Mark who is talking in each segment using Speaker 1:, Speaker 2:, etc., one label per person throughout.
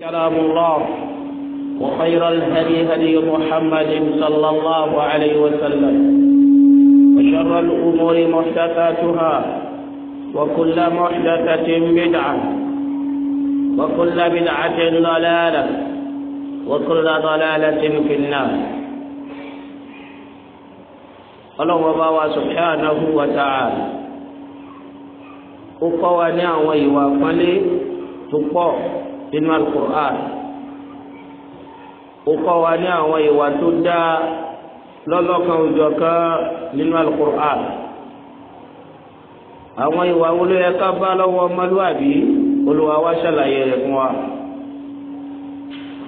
Speaker 1: كلام الله وخير الهدي هدي محمد صلى الله عليه وسلم وشر الأمور محدثاتها وكل محدثة بدعة وكل بدعة ضلالة وكل ضلالة في النار ọlọ́run ọba سبحانه وتعالى wa ta'ala وقلي kọ́ nínú alukur'an ó kọ́ wa ní àwọn ìwà tó dáa lọ́lọ́kan òjọ̀kan nínú alukur'an àwọn ìwà wo ló yẹ ká bá lọ́wọ́ ọmọlúwàbí Olúwa wa ṣàlàyé rẹ̀ fún wa.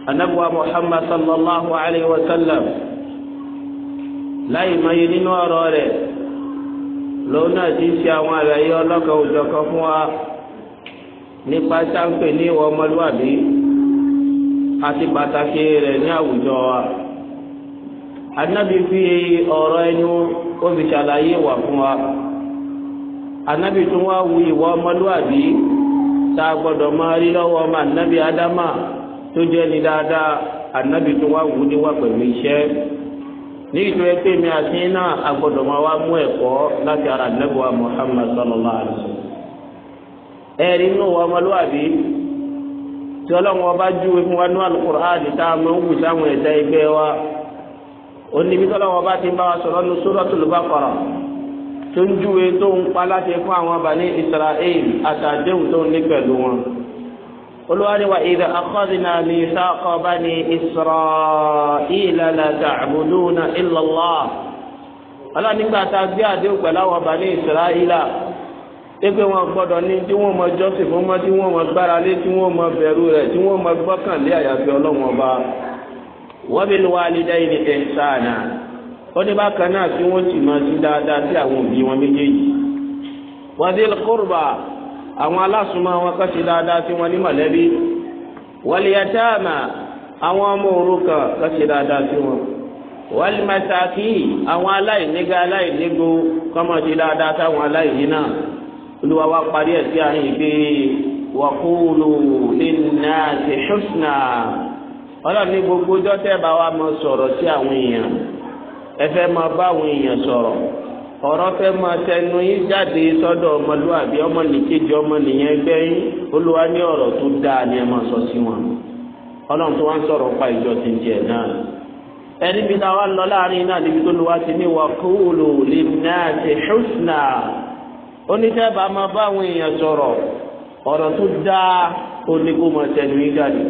Speaker 1: anabuwa Muhammad sallallahu alayhi wa sallam láì máa nínú ọ̀rọ̀ rẹ̀ lòun náà ti ń ṣe àwọn àlàyé ọlọ́kan òjọ̀kan fún wa nípa sáńpẹ̀ ní ìwà ọmọlúwàbí àti pàtàkì rẹ̀ ní àwùjọ wa. Ànábì fi ọ̀rọ̀ ẹnu ó fi ṣàlàyé ìwà fún wa. Ànábì tún wá wu ìwà ọmọlúwàbí tá a gbọ́dọ̀ máa rí lọ́wọ́ ọmọ ànábì Ádámà tó jẹ́ ni dáadáa ànábì tún wá wù níwà pẹ̀lú iṣẹ́. Ní ìtura ẹgbẹ́ mi àti iná a gbọ́dọ̀ máa wá mú ẹ̀kọ́ láti ara ànábì wa Muhammad sallallahu alayhi wa sallam. ẹ̀rí nù ọmọlúwàbí tí ọlọ́run ọba júwe fún wa ní alukur'ani tá a máa ń wù sáwọn ẹ̀dá ẹgbẹ́ wa oníbi tọ́lọ́run ọba ti ń bá wa sọ̀rọ̀ ní suratul Baqara tó ń júwe tó ń pa láti fún àwọn Bani Isra'il àtàdéhùn tó ń ní pẹ̀lú wọn. olùwárí wa idh Isra'ila la ta'buduna illa Allah a pé wọn gbọ́dọ̀ ní tí wọ́n mọ jọ́sìn fún mọ́ tí wọ́n mọ gbára lé tí wọ́n mọ bẹ̀rù rẹ̀ tí wọ́n mọ gbọ́kànlé àyàfi ọlọ́wọ́n ọba wọ́n bí wàá lè dá ilé ẹ̀ ń sáànà ó ní bákan náà tí wọ́n sì máa sí dáadáa sí àwọn òbí wọn méjèèjì wọ́n dé kórba àwọn alásùnmọ́ wọn kọ́ sí dáadáa sí wọn ní mọ̀lẹ́bí wọ́n lè àwọn ọmọ òrukàn kọ́ sí dáadáa sí wọn wal masaki àwọn aláìníga aláìnígo kọ́mọ̀sí dáadáa sáwọn aláìní náà olúwa wa parí ẹ̀ sí àárín ìgbé wàkúùlù lin-nāsi husnā ọlọ́run ní gbogbo ọjọ́ tẹ́ bá wa mọ sọ̀rọ̀ sí àwọn èèyàn ẹ fẹ́ máa bá àwọn èèyàn sọ̀rọ̀ ọ̀rọ̀ fẹ́ tẹnu yín jáde sọ́dọ̀ ọmọlúwàbí yín olúwa ní ọ̀rọ̀ tó dáa ni ẹ sọ sí wọn ọlọ́run tó wá ń sọ̀rọ̀ pa ìjọ ti ń jẹ náà oníṣẹ́ bá máa bá àwọn èèyàn sọ̀rọ̀ ọ̀rọ̀ tó dáa oníkó máa tẹnu yín jáde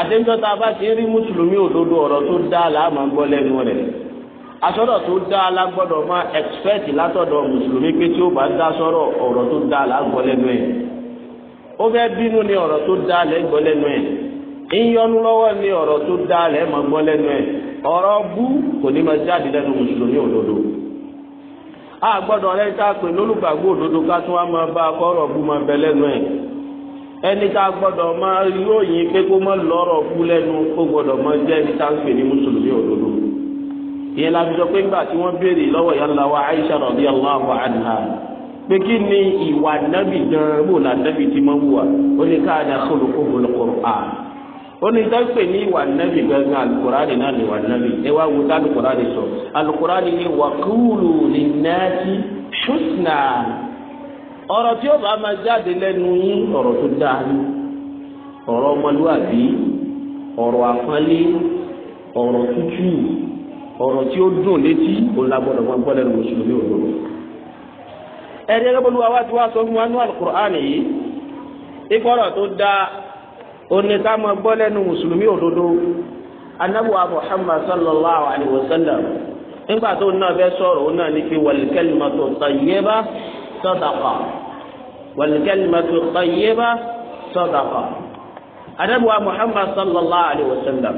Speaker 1: àtẹnudọ́ tá a bá ti ń rí mùsùlùmí òdodo ọ̀rọ̀ tó dáa là á máa gbọ́ lẹ́nu rẹ̀ asọ́dọ̀ tó dáa la gbọ́dọ̀ máa expect látọ̀dọ̀ mùsùlùmí pé tí ó bá dá sọ́rọ̀ ọ̀rọ̀ tó dáa là á gbọ́ lẹ́nu ẹ̀ ó fẹ́ bínú ni ọ̀rọ̀ tó dáa lẹ́ gbọ́ lẹ́nu ẹ̀ ìyọnu lọ́wọ́ ni ọ̀rọ̀ tó dáa lẹ́ máa gbọ́ lẹ́nu ẹ̀ ọ̀rọ̀ bú kò ní máa jáde lẹ́nu mùsùlùmí òdodo a gbọ́dọ̀ rẹ tá a pè lólùgbàgbọ́ òdodo ká tún wá máa bá a kọrọ bú máa bẹ lẹ́nu ẹ ẹni tá a gbọ́dọ̀ máa lóyìn pé kó má lọ́rọ̀ bú lẹ́nu kó gbọ́dọ̀ máa jẹ ẹni tá pè ní mùsùlùmí òdodo ìyẹn la fi sọ pé nígbà tí wọ́n béèrè lọ́wọ́ yàrá wa Aisha radiyallahu anha pé kí ni ìwà nábì gan-an bò là nábì ti máa wù wá ó ní káàdà kó lóko bò lóko rà á ó ní dáńpẹ̀ ní ìwà nẹ́bì gangan alukurani náà ní ìwà nẹ́bì ẹ wá wo tá alukurani sọ alukurani ní wàkúùlù ní náàtì ṣùsùnà ọ̀rọ̀ tí ó bá máa jáde lẹ́nu yín ọ̀rọ̀ tó dáa ni ọ̀rọ̀ ọmọlúwàbí ọ̀rọ̀ àpọ́nlé ọ̀rọ̀ tútù ọ̀rọ̀ tí ó dùn létí òun la gbọ́dọ̀ máa gbọ́ lẹ́nu mùsùlùmí òdodo ẹ̀rí ẹgbẹ́ bọ́lú wa wá ti wá sọ fún wa ní alukurani yìí ìkọ̀rọ̀ tó dáa òní ká máa gbọ́ lẹ́nu mùsùlùmí òdodo anábùwà muhammad sallallahu alayhi wa sallam nígbà tó ń náà fẹ́ sọ̀rọ̀ òun náà ní fi wal kalimatu tayyiba sadaqa wal kalimatu tayyiba sadaqa anábùwà muhammad sallallahu alayhi wa sallam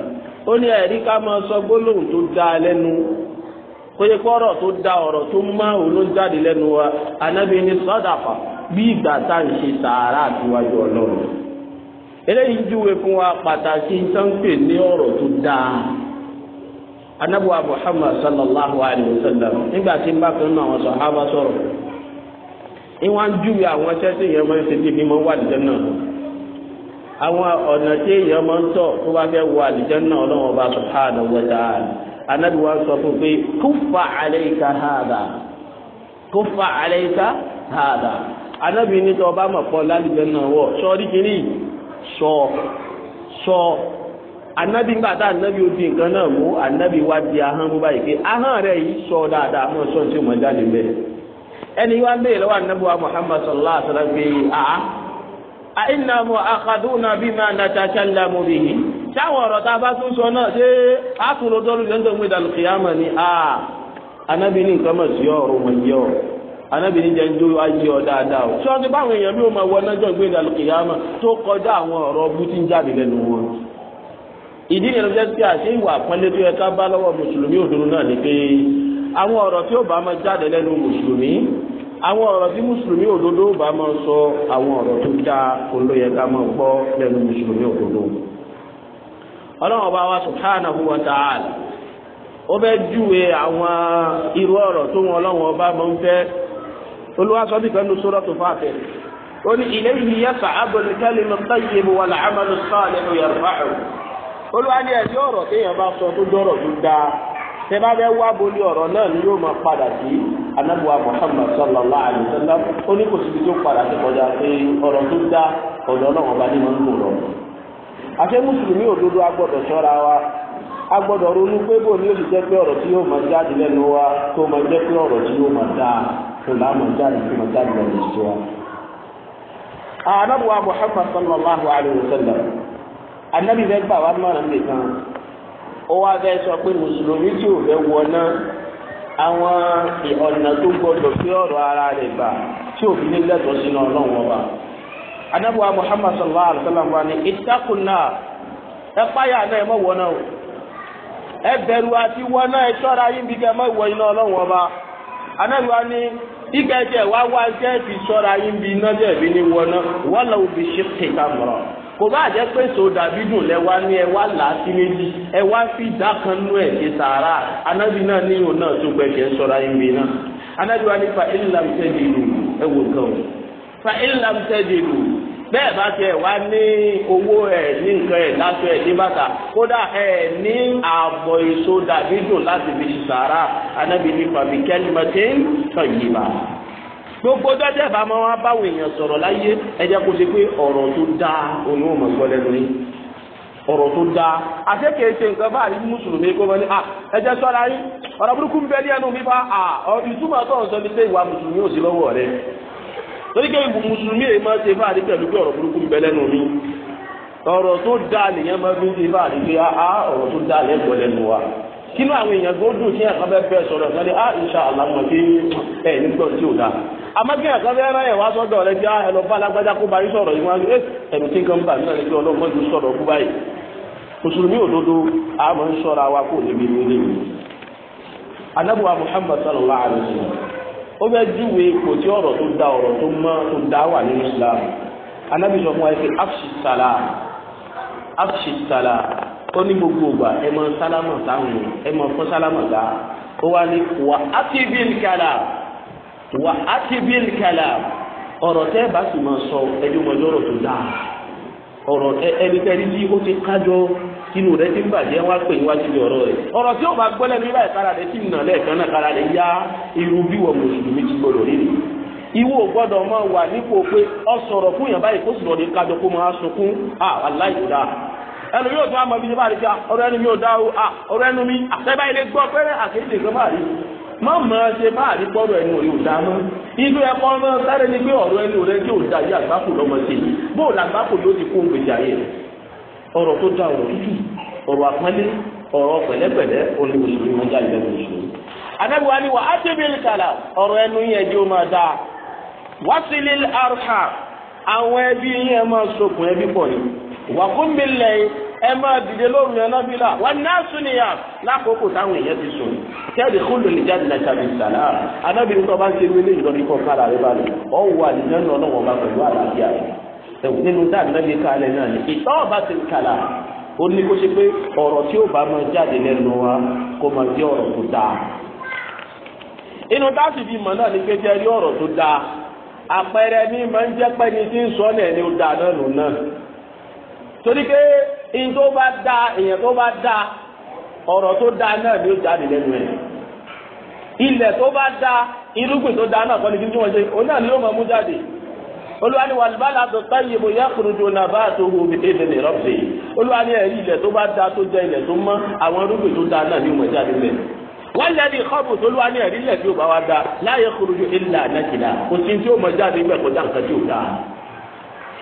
Speaker 1: ó ní ẹ̀rí ká máa sọ gbólóhùn tó dáa lẹ́nu kóye kọ́rọ̀ tó da ọ̀rọ̀ tó má òun lẹ́nu wa anábì ní sadaqa bí ìgbà tá à ń ṣe sàárà àtiwájú ọlọ́run eléyìí júwe fún wa pàtàkì sáńpè ní ọ̀rọ̀ tó dáa anabuwa muhammad sallallahu alayhi wa sallam nígbà tí n bá fẹ́ nù àwọn sọ̀hábà sọ̀rọ̀ ìwọ̀n júwe àwọn sẹ́sẹ̀ yẹn máa ń ṣe bíbí máa ń wà àlìjẹ́nà àwọn ọ̀nà tí èèyàn máa ń tọ̀ tó bá fẹ́ ọlọ́wọ́n bá anabuwa sọ fún pé kúfà hàdà anabi ní tọ́ ọba pọ̀ sọ sọ anabi ńgbà tá anabi ó di nǹkan anabi wá di ahọ́n mú báyìí pé ahọ́n rẹ̀ yìí sọ dáadáa mọ́ sọ tí mo jáde bẹ́ẹ̀ ẹni wa anabi wa muhammad sallallahu alaihi wa sallam pé àá àìnà mọ̀ na bí máa nàtàṣà lámú bí yìí sáwọn ọ̀rọ̀ tá a bá tún sọ náà ṣé àtúndọ́rù ni aa anabi ní nǹkan mọ̀ anábìrin jẹ́ nítorí wá yí ọ dáadáa o. sọ́ọ́sì báwọn èèyàn bí wọ́n máa wọ nájọ́ ìgbé ìdàlù kìyàmà tó kọjá àwọn ọ̀rọ̀ bútí ń jáde lẹ́nu wọn. ìdí yẹn ló jẹ́ pé àṣé ìwà àpọ́nlé tó yẹ ká bá lọ́wọ́ mùsùlùmí òdodo náà ni pé àwọn ọ̀rọ̀ tí ó bá máa jáde lẹ́nu mùsùlùmí àwọn ọ̀rọ̀ tí mùsùlùmí òdodo bá máa sọ àwọn ọ̀rọ̀ tó dáa olóyè ká máa gbọ́ lẹ́nu mùsùlùmí òdodo. ọlọ́run ọba wa subhanahu wa ta'ala ó fẹ́ júwe olùwàsọ́bí kan ló sọ́rọ́ tó fàtẹ́ ó ní ilayhi yas'adu al-kalimu at-tayyibu wal-'amalu as-salihu yarfa'uhu olùwàdí ẹ̀sìn ọ̀rọ̀ téèyàn bá sọ tó dọ́rọ̀ tó dáa tẹ bá bẹ wá bolí ọ̀rọ̀ náà ni yóò máa padà sí anabuwa Muhammad sallallahu alayhi wa sallam ó ní kò síbi tó padà sí kọjá pé ọ̀rọ̀ tó dáa ọ̀dọ̀ náà wọn bá ní mọ́ a gbọ́dọ̀ ronú pé bò ní oṣù jẹ́ pé ọ̀rọ̀ tí yóò máa jáde lẹ́nu wa tó máa jẹ́ pé ọ̀rọ̀ tó máa jáde tó máa jáde lẹ́nu wa. anabuwa muhammad sallallahu alayhi wa sallam anabi fẹ́ gbà wá mọ̀nà nìkan ó wá fẹ́ sọ pé mùsùlùmí tí ò fẹ́ wọ náà àwọn ọ̀nà tó gbọdọ̀ fi ọ̀rọ̀ ara rẹ̀ gbà tí òfin ní lẹ́tọ̀ọ́ sínú ọlọ́run ọba sallallahu ẹ bẹ̀rù àti wọn náà ẹ ṣọ́ra yín bí kẹ́ mọ́ ìwọ iná ọlọ́run ọba anábì wa ní ìgbẹ́ jẹ́ wá wá jẹ́ fi ṣọ́ra yín bí iná jẹ́ bí ní wọn náà wọ́n lọ bí ṣe kéka mọ̀rọ̀ kò bá jẹ́ pé so dàbí dùn ní ẹ méjì fi dá ẹ̀ ṣe sàárà anábì náà ní ìhò náà tó ṣọ́ra yín bí wa ní fa ìlànà tẹ́jì lù ẹ wò kàn fa ìlànà tẹ́jì lù bẹ́ẹ̀ bá tiẹ̀ wá ní owó ẹ̀ ní nǹkan ẹ̀ láṣọ ẹ̀ ní bàtà kódà ẹ̀ ní ààbọ̀ èso dàbí dùn láti fi anábì ní tàn yìí bá. gbogbo dọ́jẹ́ bá máa wá báwọn èèyàn sọ̀rọ̀ láyé ẹ kó ṣe pé ọ̀rọ̀ tó dáa òun ò mọ̀ gbọ́ lẹ́nu yìí ọ̀rọ̀ tó dáa ṣe nǹkan bá àrí mùsùlùmí kó fa ìtumọ̀ tó ń sọ ní pé ìwà mùsùlùmí ò sí torí kí ẹ̀bùn mùsùlùmí èyí máa ṣe fáàrí pẹ̀lú pé ọ̀rọ̀ burúkú ń bẹ lẹ́nu mi ọ̀rọ̀ tó dáa nìyẹn máa fi ń ṣe fáàrí pé áá ah, ah, ọ̀rọ̀ tó dáa lẹ́gbọ̀ lẹ́nu wa kí ló àwọn èèyàn tó dùn sí ẹ̀ka fẹ́ fẹ́ sọ̀rọ̀ sọ́ni á ìṣà àlámọ̀ sí ẹ̀ nígbà tí ò àmọ́ kí ẹ̀ka sọ́dọ̀ ah, lọ bá alágbájá kó sọ̀rọ̀ ó fẹ́ júwe ipò tí ọ̀rọ̀ tó da ọ̀rọ̀ tó mọ́ tó da wà nínú islam anábì sọ fún wa pé afṣisala afṣisala ó ní gbogbo ògbà ẹ máa sálámà sáwọn ẹ máa fọ́ sálámà dá ó wá ní wà á ti bí nkàlà wà á ti bí nkàlà ọ̀rọ̀ tẹ́ bá sì máa sọ ẹjọ́ mọ́jọ́rọ̀ tó dáa ọ̀rọ̀ ẹni tẹ́rí tí ó ti kájọ́ inú rẹ ti ń bàjẹ́ wá pè níwájú bí ọ̀rọ̀ rẹ ọ̀rọ̀ tí ó bá gbọ́ lẹ́nu ibà ìkara rẹ kara rẹ yá irú bí wọ́n mùsùlùmí ti gbọ́dọ̀ rírì ìwọ gbọ́dọ̀ máa wà nípò pé ọ sọ̀rọ̀ fún yàn báyìí kó sọ̀rọ̀ ní kájọ kó máa sunkún à ẹnu yóò tún àmọ́ bíi báyìí ọ̀rọ̀ ẹnu mi ò dá o ọ̀rọ̀ ẹnu mi àtẹ́bá ilé gbọ́ ọ̀rọ̀ tó da ọ̀rọ̀ tútù ọ̀rọ̀ àpọ́nlé ọ̀rọ̀ pẹ̀lẹ́pẹ̀lẹ́ olè mùsùlùmí wọn jáde lẹ́nu mùsùlùmí. Ànábì wa ni wà á tẹ̀bi ìkàlà ọ̀rọ̀ ẹnu yẹn jẹ́ ó máa dáa wásìlì àrùhà àwọn ẹbí yẹn máa sokùn ẹbí pọ̀ ni wà fún mi lẹ́yìn ẹ máa dìde lóru yẹn náà bí la wà náà sùn nìyà lákòókò táwọn èèyàn ti sùn tẹ́lẹ̀ kúlò ní jáde náà tàbí sàlá anábìrin tó bá ń ṣe wílé ìlọrin kára rẹ bá ọ̀ wà nìyẹn náà lọ́wọ́ bá pẹ̀lú àlàáfíà rẹ̀ ẹ̀wù nínú dáàbì náà gbé kalẹ̀ náà ni ìtọ́ ọba ti kàlà ó ní kó ṣe pé ọ̀rọ̀ tí ó bá máa jáde lẹ́nu wa kó máa jẹ́ ọ̀rọ̀ tó dáa inú dáàbì bíi mọ̀ náà ni pé jẹ́ rí ọ̀rọ̀ tó dáa àpẹẹrẹ ní máa ń jẹ́ pẹ́ ni tí ń sọ náà ni ó náà nù náà torí pé ihun tó bá dáa èèyàn tó bá dáa ọ̀rọ̀ tó dáa náà ni ó jáde lẹ́nu ẹ̀ ilẹ̀ tó bá dáa irúgbìn tó dáa náà kọ́ni olùwàní wàlúbàlà tó táyé mo yẹ kúrúdù náà bá a tó hu mi éde lè rọ́pì olùwàní ẹ̀rí ilẹ̀ tó bá da tó jẹ ilẹ̀ tó mọ́ àwọn irúgbìn tó da náà ní ìmọ̀ ìjà nílẹ̀ wọ́n lẹ́ni ìkọ́bù tó lúwa ní ẹ̀rí ilẹ̀ tí ó bá wa da láyé kúrúdù ilà nàkìlá kò sí tí ó mọ̀ jáde ń bẹ̀ kọjá nǹkan tí ó da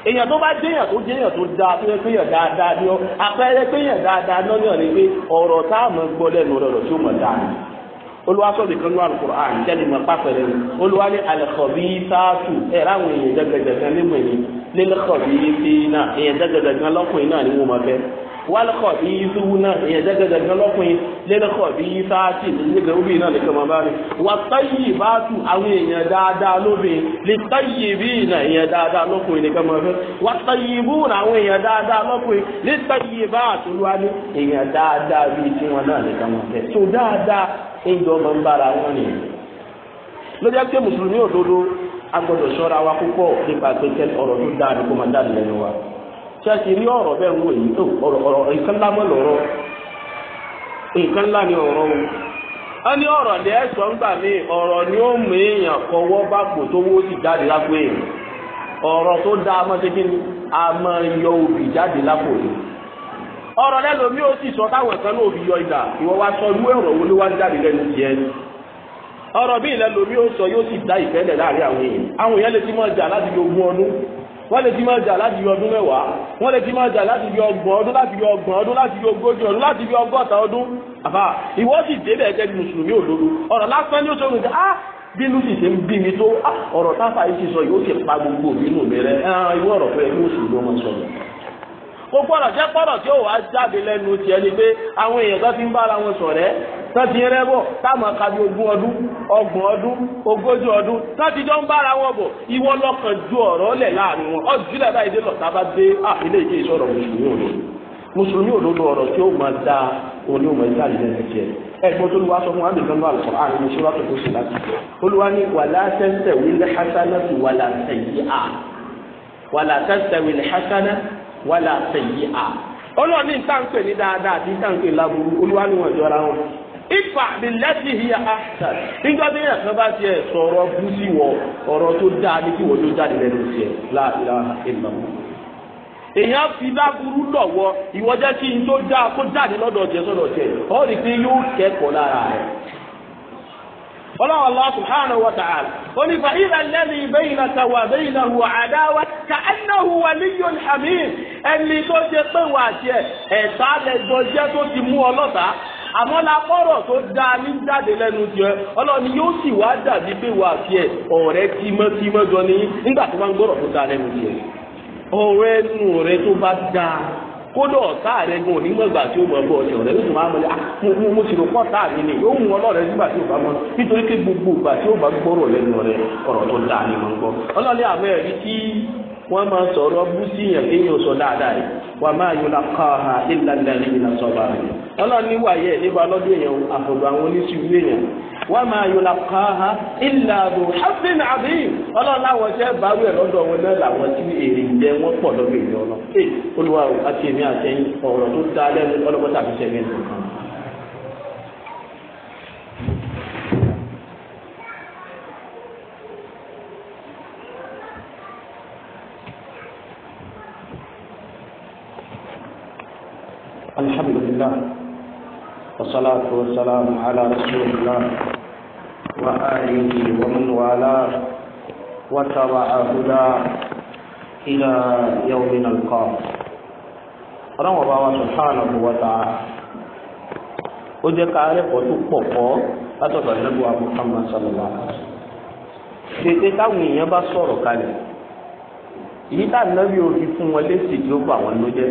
Speaker 1: èèyàn tó bá déèyàn tó déèyàn tó da tó péyàn dáadáa ni ọ àpẹẹrẹ péyàn dáadáa náà ní ọ̀rọ̀ táà gbọ́ lẹ́nu ọ̀rọ̀ tí ó mọ̀ dáa olùwàsọ̀dì kan ní alukur'an jẹ́ni mọ̀ pápẹ́rẹ́ ni olùwàlẹ̀ alẹ́kọ̀bí sáàtù ẹ̀ ráwọn èèyàn jẹgẹdẹgẹ lẹ́mọ̀ ẹ̀yìn lẹ́lẹ́kọ̀bí sí náà èèyàn jẹgẹdẹgẹ lọ́kùnrin náà ni wọ́n máa fẹ́ wálẹ́kọ̀bí zuwu náà èèyàn jẹgẹdẹgẹ lọ́kùnrin lẹ́lẹ́kọ̀bí sáàtì lẹ́lẹ́gẹ̀ obì náà nìkan máa bá rẹ̀ wà táyì báàtù àwọn èèyàn dáadáa lóbìn lè táyì bíi náà èèyàn dáadáa lọ́kùnrin nìkan máa fẹ́ wà táyì búù àwọn èèyàn dáadáa lọ́kùnrin lè táyì báàtù lọ́wọ́ èèyàn dáadáa bíi tiwọn náà nìkan máa fẹ́ so dáadáa ẹnjẹ ọmọ ń bára wọn ni lórí ẹgbẹ́ mùsùlùmí òdodo a ṣọ́ra wa púpọ̀ nípa pẹ̀tẹ́ ọ̀rọ̀ tó dáa ní kó wa chesiri rí ọ̀rọ̀ bẹ́ẹ̀ ń wò yìí tó ọ̀rọ̀ ọ̀rọ̀ ni ọ̀rọ̀ o a ní ọ̀rọ̀ sọ ni ó mú èèyàn kọwọ́ bá tó wó sì jáde lápò èèyàn ọ̀rọ̀ tó ni a máa ọ̀rọ̀ rẹ lomi ó sì sọ táwọn kan náà fi yọ ìdá ìwọ wa sọ irú ọ̀rọ̀ wo ló wá ń jáde lẹ́nu tiẹ̀ ni ọ̀rọ̀ bí ilẹ̀ lomi ó sọ yóò sì dá ìfẹ́lẹ̀ láàrin àwọn èèyàn àwọn èèyàn lè ti máa jà láti ogún ọdún wọ́n lè ti máa jà láti ọdún mẹ́wàá wọ́n lè ti máa jà láti ọgbọ̀n ọdún láti ọgbọ̀n ọdún láti ogójì ọdún láti ọgọ́ta ọdún àbá ìwọ sì débẹ̀ ẹ̀jẹ̀ bí mùsùlùmí òdodo ọ̀rọ̀ lásán ni ó sọ nùjẹ́ á ah, bínú sì ṣe ń bí mi tó ah, ọ̀rọ̀ táfà yìí ti sọ yìí ó sì pa gbogbo òbínú mi rẹ ìwọ ah, ọ̀rọ̀ fẹ́ mùsùlùmí ọmọ sọ̀rọ̀ kò gbọ́dọ̀ jẹ́ pọ́dọ̀ tí ó wà jáde lẹ́nu tiẹ̀ ni pé àwọn èèyàn tó fi ń bára wọn ṣọ̀rẹ́ tó ti bọ̀ táwọn aka ogún ọdún ọgbọ̀n ọdún ogójì ọdún tó jọ ń bára wọn bọ̀ ìwọ lọ́kàn ju ọ̀rọ̀ lẹ̀ láàrin wọn ọ̀dùnlẹ̀ báyìí dé lọ́ta bá dé àfilẹ̀ ìdí ìṣọ̀rọ̀ mùsùlùmí òdodo ọ̀rọ̀ tí ó òní ẹ̀jẹ̀ ẹ̀gbọ́n wàlà sẹ̀yí a ọlọ́run ní ntànkpé ní dáadáa àti ntànkpé láburú oluwa ni wọ́n jọra wọn ifa bilẹti hiya asa nígbà tí yàtọ̀ bá tiẹ̀ sọ̀rọ̀ búsí wọ tó dáa ní kí tó jáde lẹ́nu tiẹ̀ láàbílà èèyàn fi kí n tó dáa kó jáde rí i pé yóò ọlọ́run Allah subhanahu wa ta'ala ó ní fàílà alladhi baynaka wa baynahu àdáwà ka'annahu waliyyun hamim ẹni tó ṣe pé àmọ́ la kọ́rọ̀ tó dáa ní jáde lẹ́nu jẹ́ ọlọ́ni yóò sì wá dàbí pé wà á ọ̀rẹ́ tímọ́tímọ́ jọ ní nígbà tó bá ń gbọ́rọ̀ tó lẹ́nu ọ̀rẹ́ kódà ọ̀tá rẹ gan onímọ̀gbà tí ó mọ̀ bọ̀ ọ̀tẹ̀ ọ̀rẹ́ lóṣù máa ń mọ̀ ah, mo sì rò pọ́tà mi ni yóò mú ọlọ́rẹ́ nígbà tí ó bá mọ̀ nítorí pé gbogbo ìgbà tí ó bá gbọ́rọ̀ lẹ́nu rẹ ọ̀rọ̀ tó dáa gbọ́ ọlọ́lẹ́ àwọn ẹ̀rí tí wọ́n máa sọ̀rọ̀ wọ́n máa yọ la kàn án ilà àdó hasin àbí ọlọ́run láwọn ṣẹ́ báwí ẹ̀ lọ́dọ̀ wọn náà làwọn tí èrè ń jẹ wọ́n pọ̀ lọ́dọ̀ ìlú ọlọ́ ee olúwa àti èmi àtẹ̀yìn ọ̀rọ̀ tó dá lẹ́nu ọlọ́pàá tàbí sẹ́yìn nìkan والصلاة والسلام على رسول
Speaker 2: الله وآله ومن والاه وتبع هداه إلى يوم نلقاه
Speaker 1: ọlọ́wọ́n bá wa subhanahu wa ta'ala ó jẹ́ ká rẹ́pọ̀ tó pọ̀ pọ̀ látọ̀dọ̀ ẹ̀lẹ́gbọ̀n abuhamma sọlọ́wọ́ tètè táwọn èèyàn bá sọ̀rọ̀ kalẹ̀ yìí tá nàbí òfin fún wọn lẹ́sìn tí ó bà wọn ló jẹ́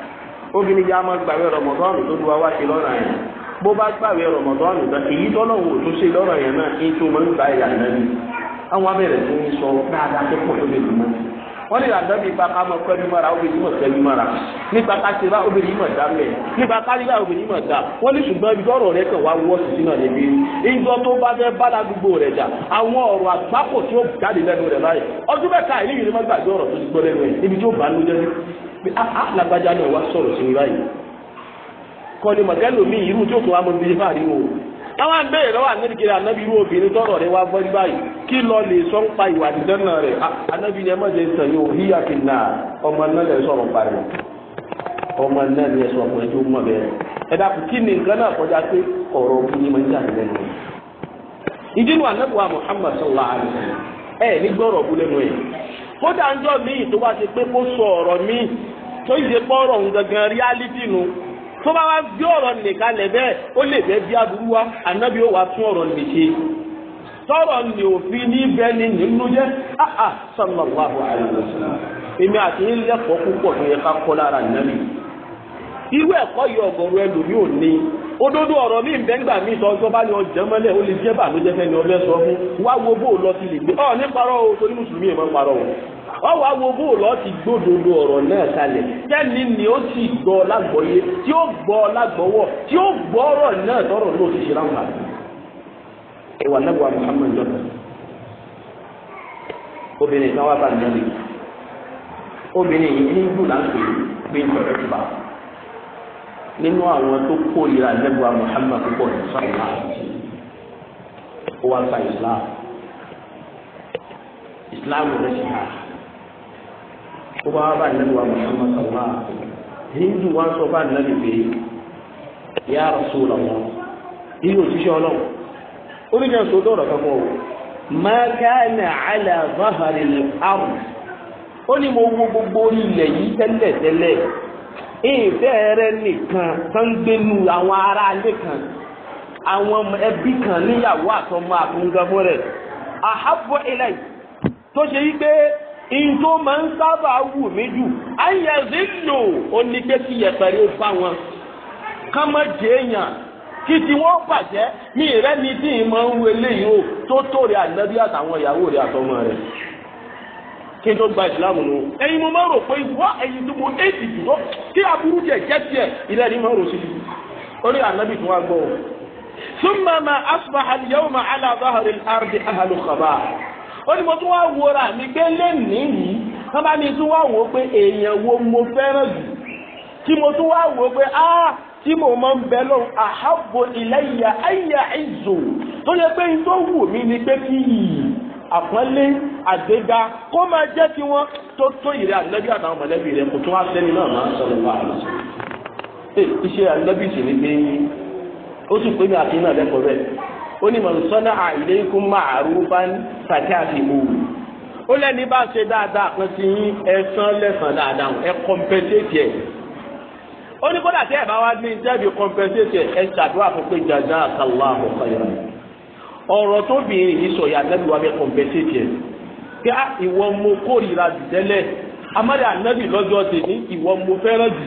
Speaker 1: obìnrin yà máa gbàwé rọmọdọ́ọ̀nù tó duwa wá ṣe lọ́rọ̀ yẹn bó bá gbàwé rọmọdọ́ọ̀nù náà èyí tọ́lọ́wọ́ tó ṣe lọ́rọ̀ yẹn náà kí n tó máa ń gbà ìyá náà ni àwọn abẹ́rẹ́ tó ń sọ dáadáa tó pọ̀ lóde ìlú náà wọ́n ní ìlànà bíi bá ká mọ pẹ́ẹ́lú mọ́ra obìnrin mọ̀ pẹ́ẹ́lú ká ṣe bá obìnrin mọ̀ dá ká rí bá obìnrin mọ̀ dá wọ́n ní ṣùgbọ́n ibi rẹ pé alágbájá ah, ah, náà wá sọ̀rọ̀ sí mi báyìí kọ́ni mọ̀tẹ́lù mi irú tí ó tún wá o táwọn ń béèrè lọ́wọ́ ànábì kiri irú obìnrin tọrọ rẹ wá bọ́lí báyìí kí lọ lè sọ ń pa ìwà àdìsẹ́nà rẹ ah, ànábì ni ẹ má sàn yóò ọmọ náà sọ̀rọ̀ parí ọmọ náà sọ mọ̀ bẹ́ẹ̀ ẹ dàpọ̀ kí ni nǹkan náà kọjá pé ọ̀rọ̀ máa ń wa Muhammad ẹ ní gbọ́rọ̀ lẹ́nu kódà ń jọ míì tó wá ti pé kó sọ ọ̀rọ̀ míì tó gangan reality nu tó bá wá gbé ọ̀rọ̀ nìkan bẹ́ẹ̀ ó lè fẹ́ bí aburú wa ànábì ó wá tún ọ̀rọ̀ nì ṣe ni òfin ní bẹni nínú jẹ áhà sallallahu alaihi wasallam èmi àti yín lẹ́kọ̀ọ́ púpọ̀ tó yẹ ká kọ́ lára irú ododo ọrọ mi ń bẹ́ gbà mí sọ bá lè ọjọ́ mọ́lẹ̀ ó lè jẹ́ bà ló jẹ́ sọ fún wá wo bó ti lè gbé ọ ní o torí mùsùlùmí ẹ̀ máa ń parọ́ o ọ wá wo bó lọ ti gbódodo ọ̀rọ̀ náà kalẹ̀ kẹ́ni ni ó sì gbọ́ lágbọ́yé tí ó gbọ́ lágbọ́wọ́ tí ó gbọ́ náà ti ṣe ráńgbà obìnrin wá bá ń nínú àwọn tó kórìíra lẹ́gbọ̀ọ́ Muhammad púpọ̀ ní sàìlá ó wá sa Islam Islam rẹ̀ sì hà ó bá wá bá lẹ́gbọ̀ọ́ Muhammad sàìlá hindu wá sọ bá nàbì pé ya Rasulullah yìí òṣìṣẹ́ ọlọ́run ó ní jẹ́ sọ́dọ̀ ọ̀rọ̀ kankan o ma kana ala zahril ard ó ní mo wo gbogbo ilẹ̀ yìí tẹ́lẹ̀ tẹ́lẹ̀ ìfẹ́ rẹ nìkan tán gbénu àwọn ará ilé kan àwọn ẹbí kan níyàwó àtọmọ àfúngàmọ rẹ àhábọ ilẹ̀ tó ṣe yí pé ìjọ máa ń sábà wù mí jù ayẹyẹ lò ó ní pé kí yẹpẹrẹ ó bá wọn ká má jẹ èèyàn kí ti wọn bàjẹ́ mi ìrẹ́ni tí ì máa ń wo eléyìí o tó tó rẹ ànábí àtàwọn ìyàwó rẹ àtọmọ rẹ. kí n tó gba ìsìlámù nù. ẹ̀yin mo máa rò pé wá ẹ̀yin tó mo éèdì jùlọ kí aburú jẹ jẹ tiẹ ilé ẹni máa rò sí i ó ní ànábì tó wá gbọ́ súnmọ́ ma asbaha al-yawma ala zahari al-ardi ó ní mo tún wá wọra mi pé lẹ́nìí yìí wọ́n bá mi tún wá wò pé èèyàn wo mo fẹ́ràn jù tí mo tún wá wò pé áá tí mo máa ń bẹ lọ́wọ́ ahabbu ilayya ayà ìzò tó yẹ pé n tó wù mí ni pé kí yìí àpọ́nlé àgbéga kó máa jẹ́ kí wọ́n tó tó ìrẹ́ ànábì àtàwọn mọ̀lẹ́bí rẹ̀ kò tún wá sẹ́ni náà máa ń sọ̀rọ̀ wá àlọ́. ẹ iṣẹ́ ànábì sì ni pé ó sì pé ní àfihàn náà lẹ́kọ̀ọ́ rẹ̀ ó ní man sana'a ilaykum ma'rufan fakafi'uhu ó lẹ́ni bá ṣe dáadáa kan sí yín ẹ san lẹ́san dáadáa ẹ compensate ẹ̀ ó ní kódà tẹ́ ẹ̀ bá wá ní ìjẹ́bi compensate ẹ̀ ẹ ṣàdúrà fún pé jazakallahu khairan ọ̀rọ̀ tó bìnrin yìí sọ nẹ́bí wa bẹ kọ̀m̀pẹ́sẹ̀tì ẹ̀ kí á ah, ìwọ mo kórìíra jù tẹ́lẹ̀ amáyà nẹ́bí lọ́jọ́ ti ní ìwọ mo fẹ́ràn jù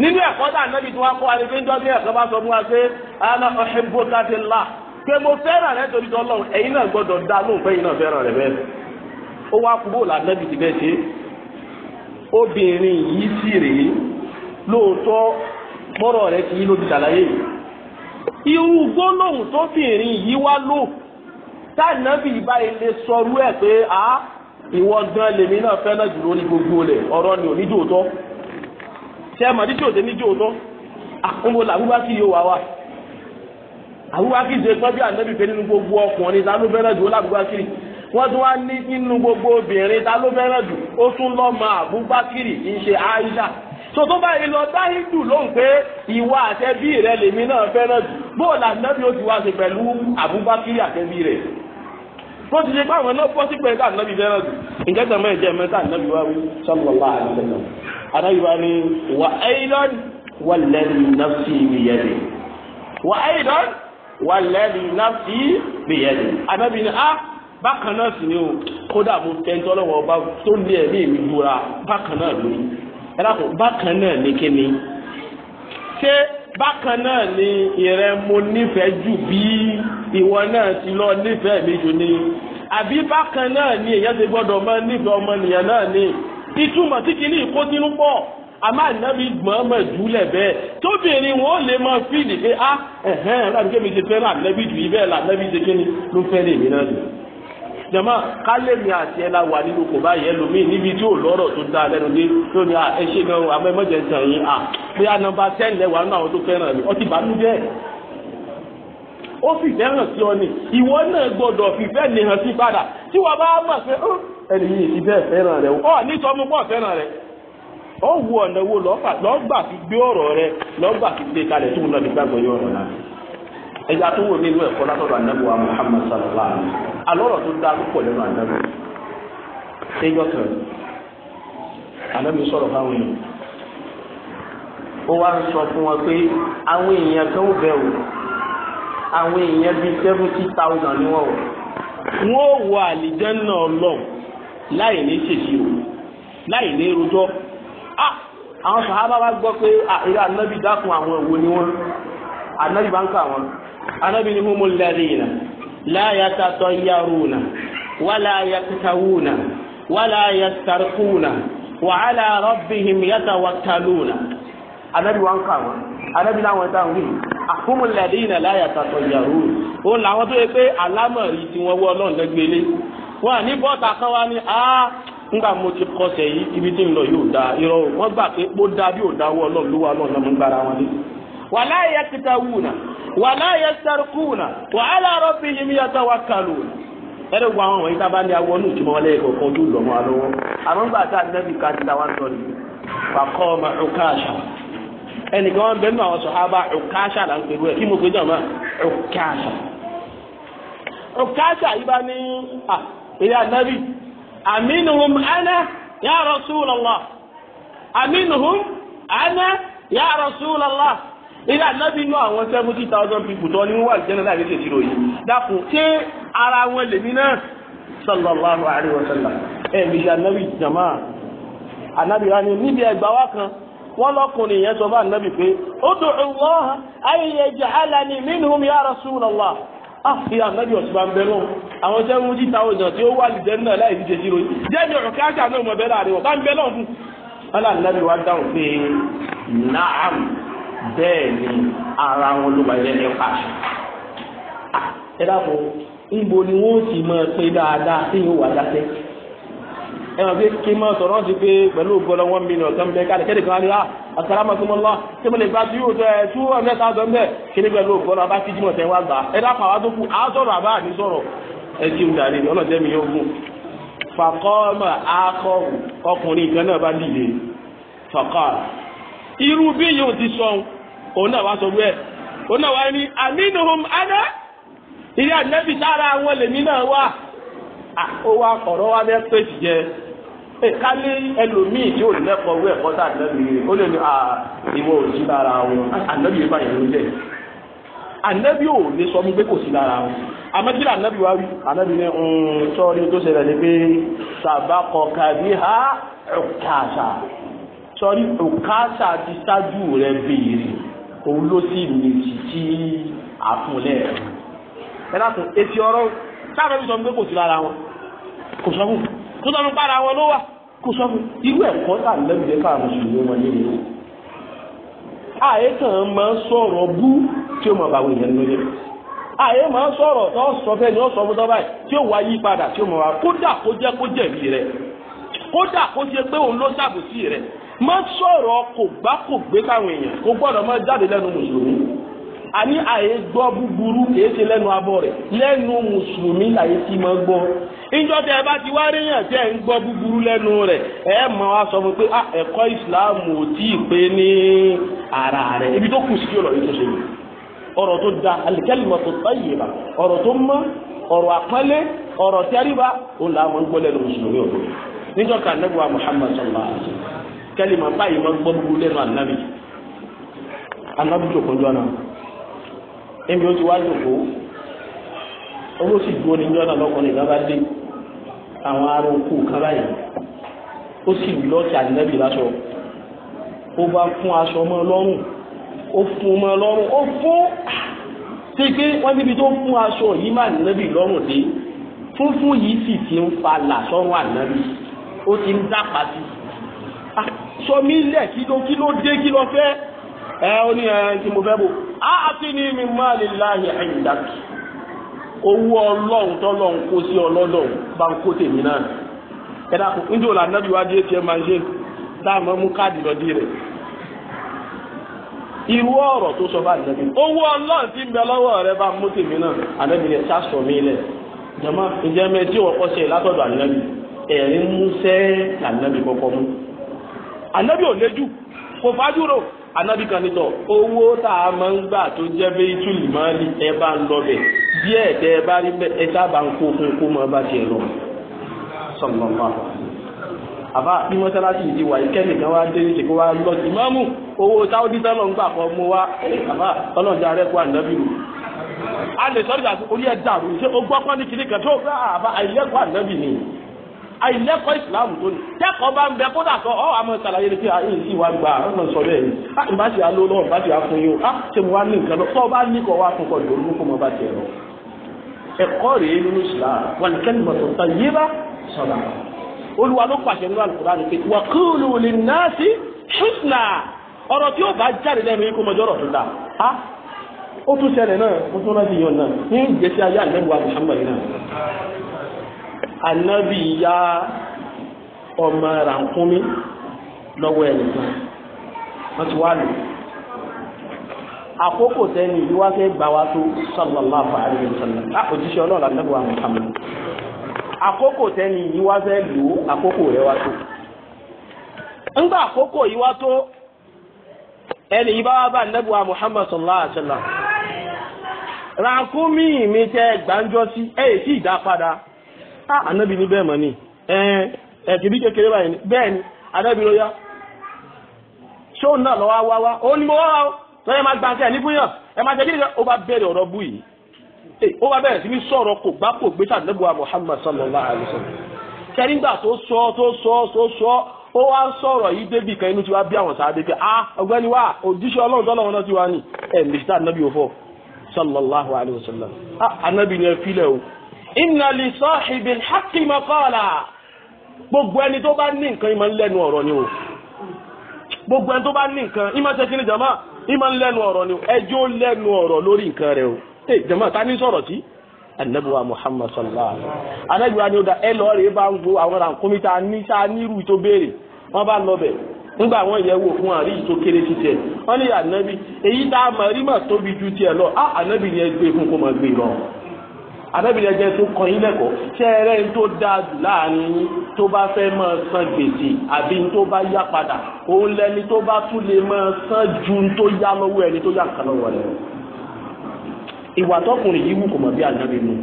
Speaker 1: nínú ẹ̀kọ́ tá nẹ́bí wa ana káti pé mo fẹ́ràn rẹ torí tọ́lọ́ ẹ̀yin náà gbọ́dọ̀ dá náà fẹ́ràn rẹ bẹ́ẹ̀ ó wá kúrò ti bẹ́ẹ̀ ṣe obìnrin yìí sì rèé lóòótọ́ mọ́rọ̀ irú gbólóhùn tóbìnrin yìí wá lò táìnábì ìbáyìí lè sọrú ẹ̀ pé a ìwọ gan lèmi náà fẹ́ náà jùlọ ní gbogbo rẹ̀ ọ̀rọ̀ ni ò ní jòótọ́ ṣe mọ̀ ní jòótọ́ ní jòótọ́ àkúnbó làbúbákì yóò wá wá àbúbákì ṣe gbọ́n bí ànábì fẹ́ nínú gbogbo ọkùnrin ta ló fẹ́ náà jùlọ làbúbákì wọ́n tún wá ní nínú gbogbo obìnrin ta ló fẹ́ náà jù ó tún lọ́ọ́ mọ àbúbákì kì í ṣe Àìṣà tó tó báyìí lọ dá hindu lóhùn pé ìwà àtẹ̀bí rẹ lèmi náà fẹ́ràn jù bóò là nàbí ó ti wá sí pẹ̀lú Abubakar àtẹ̀bí rẹ̀ tó ti ṣe pé àwọn náà pọ́sí pẹ̀lú ká nàbí fẹ́ràn jù ǹjẹ́ tẹ̀mọ́ ẹ̀jẹ̀ mẹ́ta nàbí wá wí sallallahu alaihi wasallam anábì wá ní wà aydan walladhi nafsi biyadi wà aydan walladhi nafsi biyadi anábì ní a ah, bákan náà sì ni o kódà mo tẹ́ntọ́ lọ́wọ́ bá tó ní ẹ̀mí mi búra bákan náà lóyún ẹlẹ́kùn bákan náà ní kíni ṣé bákan náà ni ìrẹ́ mo nífẹ̀ẹ́ jù bí ìwọ náà ti lọ nífẹ̀ẹ́ mi jù ni àbí bákan náà ni èyàn ti gbọ́dọ̀ máa nífẹ̀ẹ́ ọmọnìyàn náà ni ìtumọ̀ tí kìíní kó sínú pọ̀ àmọ́ ànábi gbọ́n mọ̀ jùlẹ̀ bẹ́ẹ̀ tóbìnrin wọn ò lè máa fíìlì pé ah ẹ̀hẹ́n láti kémi ti fẹ́ràn ànábi jù yí bẹ́ẹ̀ lànábi ti kéni ló fẹ́ràn èmi náà nìyẹn. jama kálẹ̀mí àti ẹ̀ la wà nínú kò báyìí ẹlòmíì níbi tí ò lọ́rọ̀ tó lẹ́nu à ẹ ṣe o àmọ́ ẹ mọ̀jẹ̀ ń yín à lẹ́wà nínú àwọn tó fẹ́ràn mi ọtí bá ó sì fẹ́ràn sí ọ ni ìwọ náà gbọ́dọ̀ fìfẹ́ ní hàn sí padà tí wọ́n bá mọ̀ pé ẹni yìí ti bẹ́ẹ̀ fẹ́ràn rẹ ọ pọ̀ fẹ́ràn rẹ ọ wo ọ̀nà wo lọ́gbà fi gbé ọ̀rọ̀ rẹ lọ́gbà fi gbé kalẹ̀ tó ń lọ nígbàgbọ́ náà ẹ̀yà tó wò nínú ẹ̀kọ́ látọ̀dọ̀ ànábì wa Muhammad sallallahu alayhi wa sallam alọ́rọ̀ tó dá púpọ̀ lẹ́nu ànábì ẹjọ́ kan ànábì sọ̀rọ̀ fáwọn èèyàn ó wá ń sọ fún wọn pé àwọn èèyàn kan ó bẹ̀ wò àwọn èèyàn bíi seventy thousand ni wọ́n wọ̀ wọ́n ó wọ àlìjẹ́nà ọlọ́ọ̀ láì ní ṣèṣirò láì ní rojọ́ àwọn sàhábà wa gbọ́ pé àìrí ànábì dákun àwọn èwo ni wọ́n ànábì bá ń kà wọ́n anábìnrin humul ladina la yatatayyaruna wala yaktawuna wala yastarquna wa ala rabbihim yatawakkaluna anabi wa nka wọn anabi làwọn ta wí ah, humul ladina la yatatayyaruna ó làwọn tó yẹ pé alámọ̀rí tí wọ́n wọ́ ọlọ́run lẹ́gbẹ̀lé wọn ní bọ́ọ̀tà kan wá ní a ah, ngba mo ti kọsẹ̀ yìí ibi tí ń lọ da irọ́ wọn gbà pé ó da bí ò dáwọ́ ọlọ́run ló wà lọ́nà mú gbára wọn lé. wala yakitawuna wala yasarikuna wa ala rabbihim yatawakkaluna ẹni àwọn wọ̀nyí sábà ní awọ ní ìtumọ̀ wọlé ẹ̀kọ́ kan tó lọ́mọ àwọn gbà tá nẹ́bí ká ti tàwa sọ ni wàkọ́ ọmọ ọkàṣà ẹnìkan wọn bẹ́ẹ̀ àwọn sọ̀hábà ọkàṣà là ń pẹ̀lú ẹ̀ kí mo pè jọ̀ mọ́
Speaker 2: ọkàṣà
Speaker 1: ọkàṣà yìí bá ní à ilé ẹnẹ ẹnẹ ilé ànábì inú àwọn seventy thousand people tó ní wà jẹ́nà láì lè ṣèṣirò yìí dákun ṣé ara wọn lèmi náà sallallahu alayhi wa sallam ẹ̀mí ànábì jama ànábì rani níbi ẹgbà wa kan wọn lọkùnrin yẹn sọ fún ànábì pé ud'u Allah an yaj'alani minhum ya Rasulullah àfi ah, ànábì ọ̀sùn bá ń àwọn seventy thousand tí ó wà yìí bẹ́ẹ̀ láàrin wọn bá ń bẹ́ẹ̀ ni ara wọn ló máa jẹ́ ẹ̀pà. ẹ dáàbò níbo ni wọ́n sì máa pé dáadáa tí yóò wà dáṣẹ́. ẹ hàn pé kí n máa sọ̀rọ̀ sí pé pẹ̀lú ògbọ́lọ́ wọn mi nà ọ̀sán bẹ́ẹ̀ káàdì kẹ́lẹ́ kan á ní à àsàlámàtúmọ́lá tí mo lè gba tí yóò tẹ tú ọ̀nẹ́ tá a sọ bẹ́ẹ̀ kí ni pẹ̀lú ògbọ́lọ́ abá kíjì mọ̀ tẹ́ wá gbà ẹ dáàbò àwọn tó kù á sọ̀rọ̀ àbá àní sọ̀rọ̀ ẹ jí òun bá dìde irú bí yóò ti sọ òun náà wá sọ wẹ́ẹ̀ òun náà wá ní aminuhum ana ilé ànábì sára àwọn lèmi náà wà ó wá ọ̀rọ̀ wá bẹ́ẹ̀ pé jìjẹ kálí ẹlòmíì tí ò ní lẹ́kọ̀ọ́ wẹ́ẹ̀ kọ́ sá ànábì rẹ̀ ó lè ní ìwọ ò sí lára wọn ànábì yẹn báyìí ló jẹ́ ànábì ò lè sọ mí pé kò sí lára wọn amadila anabi wa wi anabi ni sọọni tó ṣẹlẹ̀ ni pé sabakọ kabi ha ọkasa sọrí òkáṣà ti ṣáájú rẹ béèrè òun ló sì méjì tí àfúnlẹ̀ rẹ. ẹ dákun etí ọ̀rọ̀ sábà bí sọ pé kò sí lára wọn kò sọ fún kó sọ fún para wọn ló wà kó sọ fún irú ẹ̀kọ́ tà lẹ́gbẹ̀ẹ́ fà mùsùlùmí wọn nínú ìlú. àyè kan máa ń sọ̀rọ̀ bú tí ó mọ̀ bàwọ̀ ìyẹn lóye àyè máa ń sọ̀rọ̀ tó sọ fẹ́ ni ó sọ fún tọ́ba tí ó wá yí padà tí ó mọ̀ wá kódà kó jẹ́ kó jẹ̀bi rẹ̀ kódà kó jẹ́ pé òun ló ṣàbòsí rẹ̀ má sọ̀rọ̀ kò gbá kò gbé káwọn èèyàn kò gbọ́dọ̀ má jáde lẹ́nu mùsùlùmí àní àyè gbọ́ búburú kìí ṣe lẹ́nu abọ́ rẹ̀ lẹ́nu mùsùlùmí làyè tí máa gbọ́ ìjọ tẹ ẹ bá ti wá ríyàn tẹ ẹ ń gbọ́ búburú lẹ́nu rẹ̀ sọ ah, tí ì pé ní ara rẹ̀ ibi tó kù sí kí ọ̀rọ̀ yìí da tó bá ọ̀rọ̀ tó mọ́ ọ̀rọ̀ àpọ́nlé ọ̀rọ̀ tẹ́ríba làwọn gbọ́ lẹ́nu mùsùlùmí níjọ́ kan Muhammad sallallahu wa sallam kẹ́lìmọ̀ báyìí máa ń gbọ́ gbogbo lẹ́nu ànábì ànábì jòkó jọ́nà níbi ó ti wá jòkó owó sì dúró ní jọ́nà lọ́kùnrin kan bá dé àwọn arókù kan báyìí ó sì lọ́ọ̀kì ànábì láṣọ ó bá fún aṣọ mọ́ lọ́rùn ó fún mọ́ lọ́rùn ó fún ṣe pé wọ́n níbi tó fún aṣọ yìí má ànábì lọ́rùn dé fúnfún yìí sì ti ń falà sọ́run ànábì ó ti ń dápa sí i. Ah, sọ mí lẹ̀ kí ló kí ló dé kí ló fẹ́ ẹ ó ní ẹ tí mo fẹ́ bò á àti ní mi máa lè láàyè àyìndàkì owó ọlọ́run tọ́lọ́run kó sí ọlọ́dọ̀ bá ń kó tèmi náà ẹ dàpọ̀ níjó la nábì wá dé tiẹ̀ máa ń ṣe dáàmú mú káàdì lọ dé rẹ̀ irú ọ̀rọ̀ tó sọ bá àdìsẹ́mi owó ọlọ́run ti ń bẹ lọ́wọ́ rẹ bá ń mú tèmi náà àdìsẹ́mi rẹ̀ sá sọ mí lẹ̀ jẹ́mọ́ ìjẹ́mẹ́ tí wọ́n kọ́ sẹ́yìn látọ̀dọ̀ àdìsẹ́mi ẹ̀rín músẹ́ àdìsẹ́mi kọ́kọ́ mú ànábì ò léjú kò fájúrò ànábì kan nítọ̀ owó tá a máa ń gbà tó jẹ́ bí túlì máa ń ẹ bá ń lọ bẹ̀ díẹ̀ tẹ́ ẹ bá rí bẹ́ẹ̀ ẹ sábà ń kó fún kó máa bá tiẹ̀ lọ sọlọmọ àbá bí mọ́sálásí ti wà ìkẹ́lì kan wá dé ní ṣèkó wá lọ sí mọ́mù owó sáúdí sọ́lọ́ ń gbà kan mú wá àbá ọlọ́ọ̀dá rẹ́kọ̀ọ́ ànábì rò a lè sọ́dọ̀ àti orí ẹ̀ dàrú ṣé o gbọ́ pọ́n ní kiri kan tó àìlẹ́kọ̀ọ́ ìsìláàmù tó ní tẹ́kọ̀ọ́ bá ń bẹ kódà tó ọ́ àmọ́ ìsàlàyé ni pé ah, ìwà gbà ọ̀nà sọ bẹ́ẹ̀ ni ah, a ń bá ti á lọ́wọ́ ń bá ti á fún yín o a ah, ṣe mo wá ní nǹkan lọ tọ́ bá ní kọ́ wá fún kọ́ ìlú olúkú mọ́ bá tiẹ̀ lọ. ẹ̀kọ́ rèé nínú ìsìláàmù wọn kẹ́ni mọ̀tò tán yé bá sọ̀rọ̀ olúwa ló pàṣẹ nínú àlùkùránì pé wàkúùlù lè ná sí húsnà ọ̀rọ̀ tí ó bá anabi ya ọmọ ràkúnmí lọ́wọ́ ẹnìkan wọ́n ti wá lò àkókò tẹ́ni yìí wá fẹ́ gbà wá tó sallallahu alaihi wasallam àpòjíṣẹ́ ọlọ́ọ̀lá tẹ́gbà Muhammad àkókò tẹ́ni ni wá fẹ́ lò àkókò wá tó ńgbà àkókò yìí wá tó ẹni yìí bá wá bá nẹ́bùwá Muhammad
Speaker 2: sallallahu
Speaker 1: mi tẹ́ gbàǹjọ́ sí anábì ah. ní bẹ́ẹ̀ mọ̀ ni ẹ̀kìdí kékeré báyìí ni bẹ́ẹ̀ ni anábì ló yá ṣóun náà lọ́wọ́ wá ó ní mo wá o lọ́yẹ̀ máa gba àṣẹ nígbìyàn ẹ máa jẹ́ kíkẹ́ ó bá bẹ̀rẹ̀ ọ̀rọ̀ bú yìí ó bá bẹ̀rẹ̀ sí ní sọ̀rọ̀ kò gbá kò gbé sàdébùwà Muhammad sallallahu alayhi wa sallam kẹrin sọ sọ inna li sahibil haqqi maqala gbogbo ẹni tó bá ní nǹkan ìmọ̀ ńlẹ́nu ọ̀rọ̀ ni o gbogbo ẹni tó bá ní nǹkan jama ọ̀rọ̀ ni o ẹjọ́ lẹ́nu ọ̀rọ̀ lórí nǹkan rẹ o ẹ jama ta ni sọ̀rọ̀ sí anabiwa muhammad sallallahu alaihi ni o da ẹ lọ rẹ bá ń gbọ́ àwọn rànkúnmí ta ní tó béèrè wọn bá lọ bẹ fún àrí tó kéré sí wọn ní èyí tá a rí mà tóbi ju lọ ah, anábìlẹ̀ jẹ́ tó kàn yín lẹ́kọ̀ọ́ ṣé ẹrẹ́ ń tó dáa jù láàrin yín tó bá fẹ́ máa san gbèsè àbí ń tó bá yá padà òun lẹni tó bá tún lè máa san ju ń tó yá lọ́wọ́ ẹni tó yá kan lọ́wọ́ rẹ̀ ìwà tọkùnrin yìí wù kò mọ̀ bí ànábì nù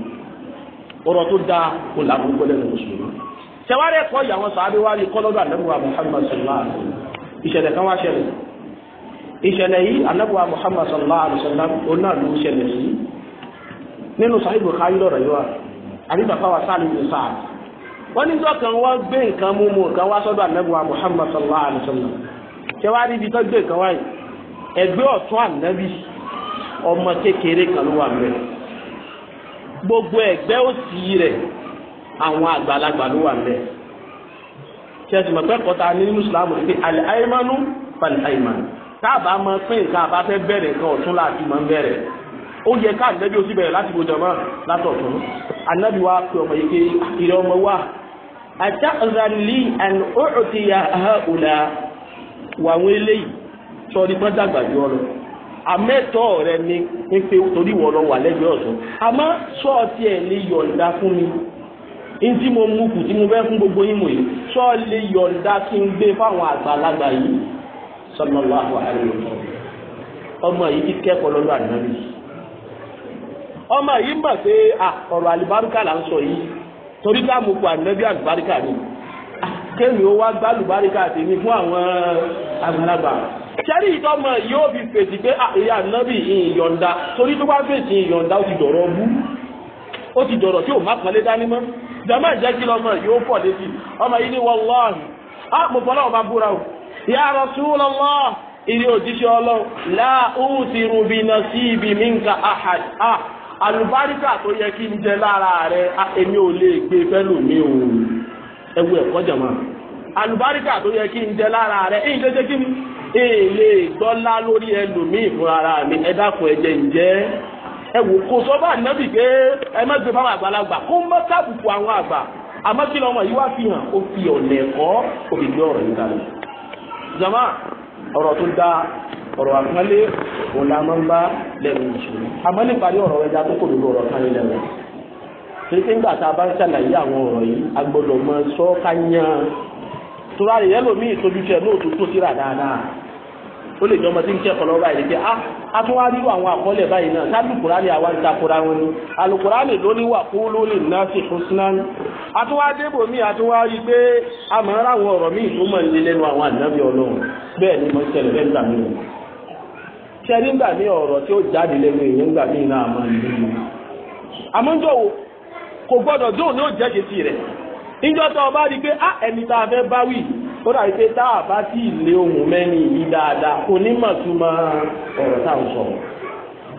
Speaker 1: ọ̀rọ̀ tó dáa kò làbúgbọ́ lẹ́nu mùsùlùmí ṣẹwárí ẹ̀kọ́ ìyàwó sàábí wá ní Muhammad sallallahu alaihi wasallam ìṣẹ̀lẹ̀ kan wá ṣẹlẹ̀ ìṣẹ̀lẹ̀ Muhammad sallallahu alaihi wasallam ó náà nínú sàyìn Bukhari lọ́rọ̀ yìí wà àdìgbàfà wa sáà nínú sáà wọ́n ní sọ́kàn wọ́n gbé nǹkan mú mu nǹkan wá sọ́dọ̀ ànábì wa Muhammad sallallahu alayhi wa sallam ibi tó gbé nǹkan wáyé ọmọ kékeré kan ló wà mẹ́rin gbogbo ẹgbẹ́ òsì rẹ̀ àwọn àgbàlagbà ló wà mẹ́rin ṣẹ́sì mọ̀ pẹ́kọ̀ọ́ ta ní pé máa pín nǹkan nǹkan láti ó yẹ ká ànábì ó lati bẹ̀rẹ̀ láti gbọdọ̀ mọ́ látọ̀tún wa ọmọ yìí pé ọmọ wa àti àzàlí àn ọ̀rọ̀ ti yà á wà wọn eléyìí sọrí pọ́n dàgbà jù ọ lọ rẹ ni pé torí wọ́n lọ wà lẹ́gbẹ̀ẹ́ ọ̀tún àmọ́ sọ́ọ̀tì ẹ̀ lè yọ̀ǹda fún mi mo mú kù gbogbo yín yìí sọ lè yọ̀ǹda kí n gbé fáwọn àgbàlagbà yìí ọmọ yìí ti kẹ́kọ̀ọ́ lọ́dọ̀ ọmọ yìí mọ̀ pé ọ̀rọ̀ àlùbáríkà là ń sọ yìí torí ká mo kọ ni kéèmì ó wá gbá àlùbáríkà tèmi fún àwọn àgbàlagbà sẹ́rí ìtọ́mọ yóò fi fèsì pé ìyá ànábì ìyọ̀ǹda torí tó bá fèsì ìyọ̀ǹda ó ti dọ̀rọ̀ bú ó ti dọ̀rọ̀ tí ò má pọ́nlé dání mọ́ kí lọ́mọ yóò pọ̀ létí ọmọ yìí á alubarika tó yẹ kí n jẹ lára rẹ èmi ò lè gbé e fẹ́lò o ò ẹwú ẹkọ jàmá alubarika tó yẹ kí n jẹ lára rẹ èyí tó jẹ́ kí n èlé gbọ́lá lórí ẹlòmíì mi ẹ dákun ẹ jẹ́ ǹjẹ́ ẹ wò kó pé ẹ má gbé e fáwọn àgbàlagbà kó má kábùkù àwọn àgbà àmọ́ kí lọ́mọ yìí wá fi hàn ó fi ọ̀nà ẹ̀kọ́ òbí gbé ọ̀rọ̀ yìí jàmá ọ̀rọ̀ tó dáa ọ̀rọ̀ àpọ́nlé máa ń bá lẹ́nu ìṣòro ọ̀rọ̀ tó kò lórí ọ̀rọ̀ kan títí nígbà tá a bá ń ṣàlàyé àwọn ọ̀rọ̀ yìí a gbọ́dọ̀ mọ sọ ká yan tura rẹ̀ yẹ́lò míì tójú tẹ̀ lóòtú tó síra dáadáa ó lè jọmọ tí ah, a tún wá rírú àwọn àkọọ́lẹ̀ báyìí náà sábì kùránì wọn ni wà lórí a tún wá débò míì a tún wá rí i pé a ráwọn ọ̀rọ̀ míì tó lẹ́nu àwọn ànábì ọlọ́run bẹ́ẹ̀ ni mo ń tẹ̀lé sẹ́rí ń ní ọ̀rọ̀ tí ó jáde lẹ́nu èèyàn gbà ní iná àmọ́ ìlú mi. kò gbọ́dọ̀ ní sí rẹ̀ tó rí i pé ẹni tá a fẹ́ bá wì ó dàbí pé tá a bá tí ì lé ohun mẹ́ni yìí dáadáa kò ní mọ̀ tún ọ̀rọ̀ tá sọ̀rọ̀.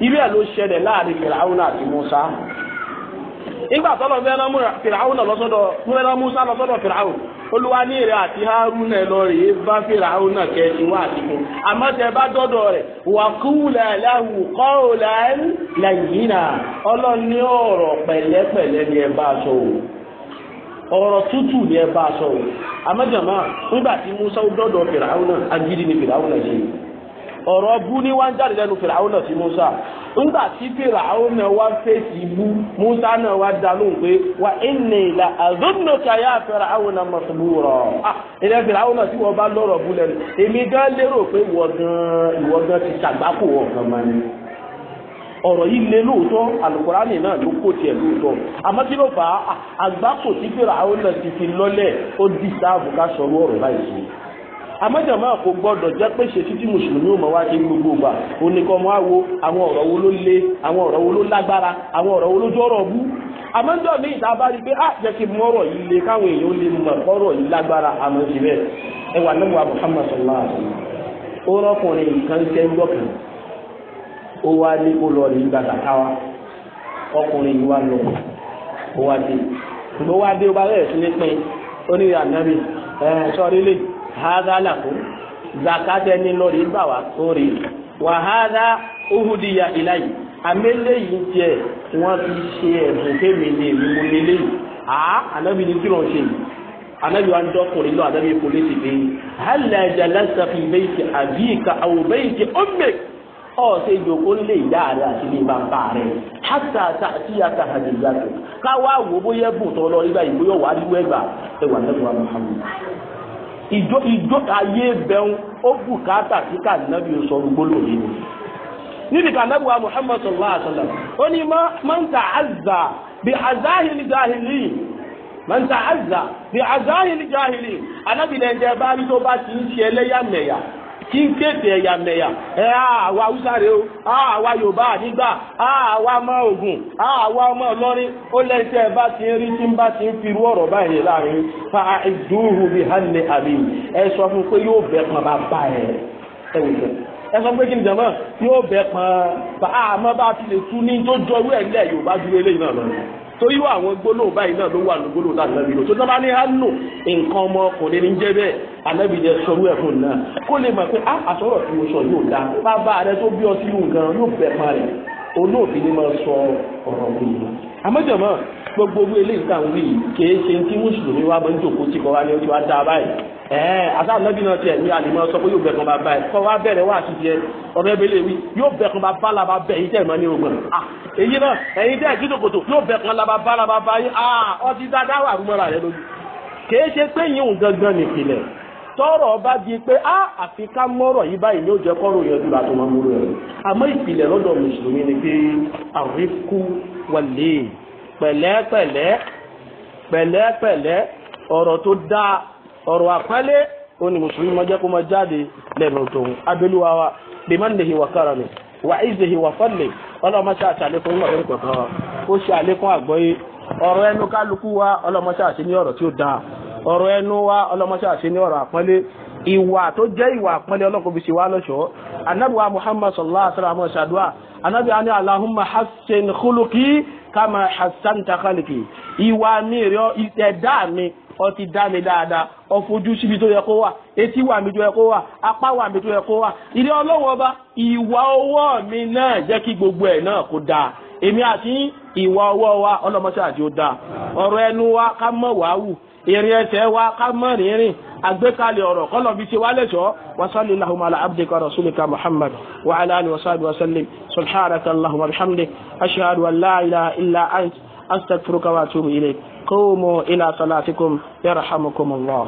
Speaker 1: ẹ̀ ló ṣẹlẹ̀ láàrin olúwa ní ìrẹ àti haruna ẹ lọ rè é bá fìràhùn náà kẹ ti wá àtìkù àmọ́ tẹ bá dọ́dọ̀ rẹ̀ wà kúùlà láwù kọ́ọ̀là ẹ̀rú lẹ́yìn náà ọlọ́run ní ọ̀rọ̀ pẹ̀lẹ́pẹ̀lẹ́ ni ẹ bá sọ o ọ̀rọ̀ tútù ni ẹ bá sọ o àmọ́ jàmá nígbà tí musa dọ́dọ̀ fìràhùn náà agídí ni fìràhùn náà ṣe yìí ọ̀rọ̀ bú ní wá ń jáde lẹ́nu fìràwọ́n náà sí musa nígbà tí fìràwọ́n náà wá fèsì bú musa náà wá lóhùn pé wà ẹnì ìlà yá náà ilẹ̀ náà tí wọ́n bá lọ́rọ̀ bú lẹ́nu èmi gan lérò pé ìwọ gan ti ṣàgbákò ọ̀rọ̀ yìí lé lóòótọ́ alukurani náà ló kó tiẹ̀ lóòótọ́ àmọ́ kí ló fà á ah, àgbákò tí náà ti fi lọ́lẹ̀ amájàmá kò gbọdọ̀ jẹ́ pé ṣe títí mùsùlùmí ò mọ̀ wá ṣe gbogbo ìgbà oníkan máa wo àwọn ọ̀rọ̀ wo ló le àwọn ọ̀rọ̀ wo ló lágbára àwọn ọ̀rọ̀ wo ló jọ́rọ̀ bú àmọ́jọ́ mi ìta bá rí pé á ah, jẹ́ kí mọ́rọ̀ yìí le káwọn èèyàn lè mọ̀ kọ́rọ̀ yìí lágbára àmọ́ sí bẹ́ẹ̀ ẹ wà nínú Muhammad sallallahu alaihi wasallam ó rọ́kùnrin nǹkan tẹ́ lọ́kàn ó wá ní ó wá dé ṣùgbọ́n wá dé ó bá rẹ̀ sí ní pin ó ní ìyá nàbì ẹ̀ sọ́ọ́rí lè hadha lakum zakata ni lórí bá wa sórí wa hadha uhudiya ilayi amẹ́lẹ́ yìí jẹ́ wọ́n fi ṣe ẹ̀bùn kémi ní èmi mo nílé yìí àá anábì ní kírọ̀ ṣe yìí anábì wa ń dọ́kùnrin lọ anábì kò léṣe pé hàlẹ́ ẹ̀jẹ̀lẹ́ sàfi bayti àbíkà aw bayti ummik ọ̀sẹ̀ ìjòkó lè dá rẹ̀ àti lè bá bá rẹ̀ hàtà àti àtà àdìyàtọ̀ káwá wo bóyá bùtọ̀ lọ ibà ìbóyọ̀ wà á dúró ẹgbà ẹwà lẹ́gbàá Muhammad. ijo ìjó ayé bẹ̀rù ó bùkátà sí kànábì sọ gbólò yìí ni níbi kànábì wa muhammad sallallahu alaihi wa sallam ó ní máa ń ta àzà bí àzáhìlì jáhìlì man ta àzà bí àzáhìlì jáhìlì anábìlẹ̀ ẹ̀jẹ̀ bá rí tó bá ti ń ṣe ẹlẹ́yàmẹ̀yà kí n kéde ẹ̀yàmẹ̀yà ẹ àwa haúsá rèé o àwa yorùbá nígbà àwa ọmọ ògùn àwa ọmọ ọlọ́rin ó lẹ́sẹ̀ ẹ bá ti ń rí tí ń bá ti ń firú ọ̀rọ̀ báyìí láàrin fa ìdúró bíi hànni àbí ẹ sọ fún pé yóò bẹ̀ pọn bá bá ẹ ẹ wò ó ẹ sọ pé kí ni jàmọ́ yóò bẹ̀ pọn bá àmọ́ bá ti lè tú ní tó jọ irú ẹ̀ nílẹ̀ yorùbá dúró eléyìí náà lọ́nà torí wà àwọn gbólóhùn báyìí náà ló wà ní gbólóhùn láti lẹ́bi lò tó tán bá ní hánù nǹkan ọmọkùnrin ní jẹ́ bẹ́ẹ̀ alẹ́bi jẹ́ sọrú ẹ̀ fún náà kó lè mọ̀ pé àsọ̀rọ̀ tí mo sọ yóò dá bàbá rẹ tó bí ọtí nǹkan yóò bẹ̀ pa rẹ̀ olóòfin ni máa sọ ọ̀rọ̀ mi yìí àmọ́jọ̀mọ́ gbogbo owó eléyìí tá à ń wí kìí ṣe tí mùsùlùmí wa máa ń jòkó tí kò wá ní ojú wa dá báyìí ẹ̀ẹ́n àtàwọn ọ̀nàbí náà tiẹ̀ ní àlèmọ́ sọ pé yóò bẹ̀kan bá báyìí kọ́ wa bẹ̀rẹ̀ wá àti tiẹ̀ ọ̀rọ̀ ẹbí lè wí yóò bẹ̀kan bá bá làbá bẹ̀ yìí tẹ̀ mọ́ ní ogun èyí náà ẹ̀yin tẹ̀ kí tòkòtò yóò bẹ̀kan làbá bá làbá báyìí ọtí dáadáa wà rúmọ́ra rẹ lójú tọrọ bá di pé á àfi ká mọ́rọ̀ yìí báyìí ní ó jẹ́ kọ́rọ̀ yẹn dúró àti mọ́múrú rẹ̀ àmọ́ ìpìlẹ̀ lọ́dọ̀ mùsùlùmí ni pé àríkú wọlé pẹ̀lẹ́pẹ̀lẹ́ pẹ̀lẹ́pẹ̀lẹ́ ọ̀rọ̀ tó dáa ọ̀rọ̀ àpẹ́lẹ́ ó ní mùsùlùmí máa jẹ́ kó máa jáde lẹ́nu wa ọ̀rọ̀ ẹnu wa ọlọ́mọṣẹ́ àṣẹ ní ọ̀rọ̀ àpọ́nlé ìwà tó jẹ́ ìwà àpọ́nlé ọlọ́kùnrin fi ṣe wá lọ́ṣọ́ anábìwá muhammad sallallahu alaihi wasallam ṣàdúrà anábìwá ní allahumma hassan khuluqi kama hasan takhaliki ìwà mi rẹ ìtẹ̀dá mi ọtí dá mi dáadáa ọfojú síbi tó yẹ kó wà etí wà mí tó yẹ kó wà apá wà mí tó yẹ kó wà ilé ọlọ́wọ́ ọba ìwà ọwọ́ mi náà jẹ́ kí gbogbo ẹ̀ náà kó dáa èmi àti ìwà ọwọ́ wa ọlọ́mọṣáàjì ó dáa ọ̀rọ̀ ẹnu wa ká mọ̀ wá wù ìrìn ẹsẹ̀ wa ká mọ́ rìnrìn àgbékalẹ̀ ọ̀rọ̀ kọ́lọ̀ bí ti wálé sọ wasalli lahum ala abdika rasulika muhammad wa ala alihi wa sahbihi wa sallim subhanaka allahumma bihamdik ashhadu an la ilaha illa ant astaghfiruka wa atubu ilayk qumu ila salatikum yarhamukum allah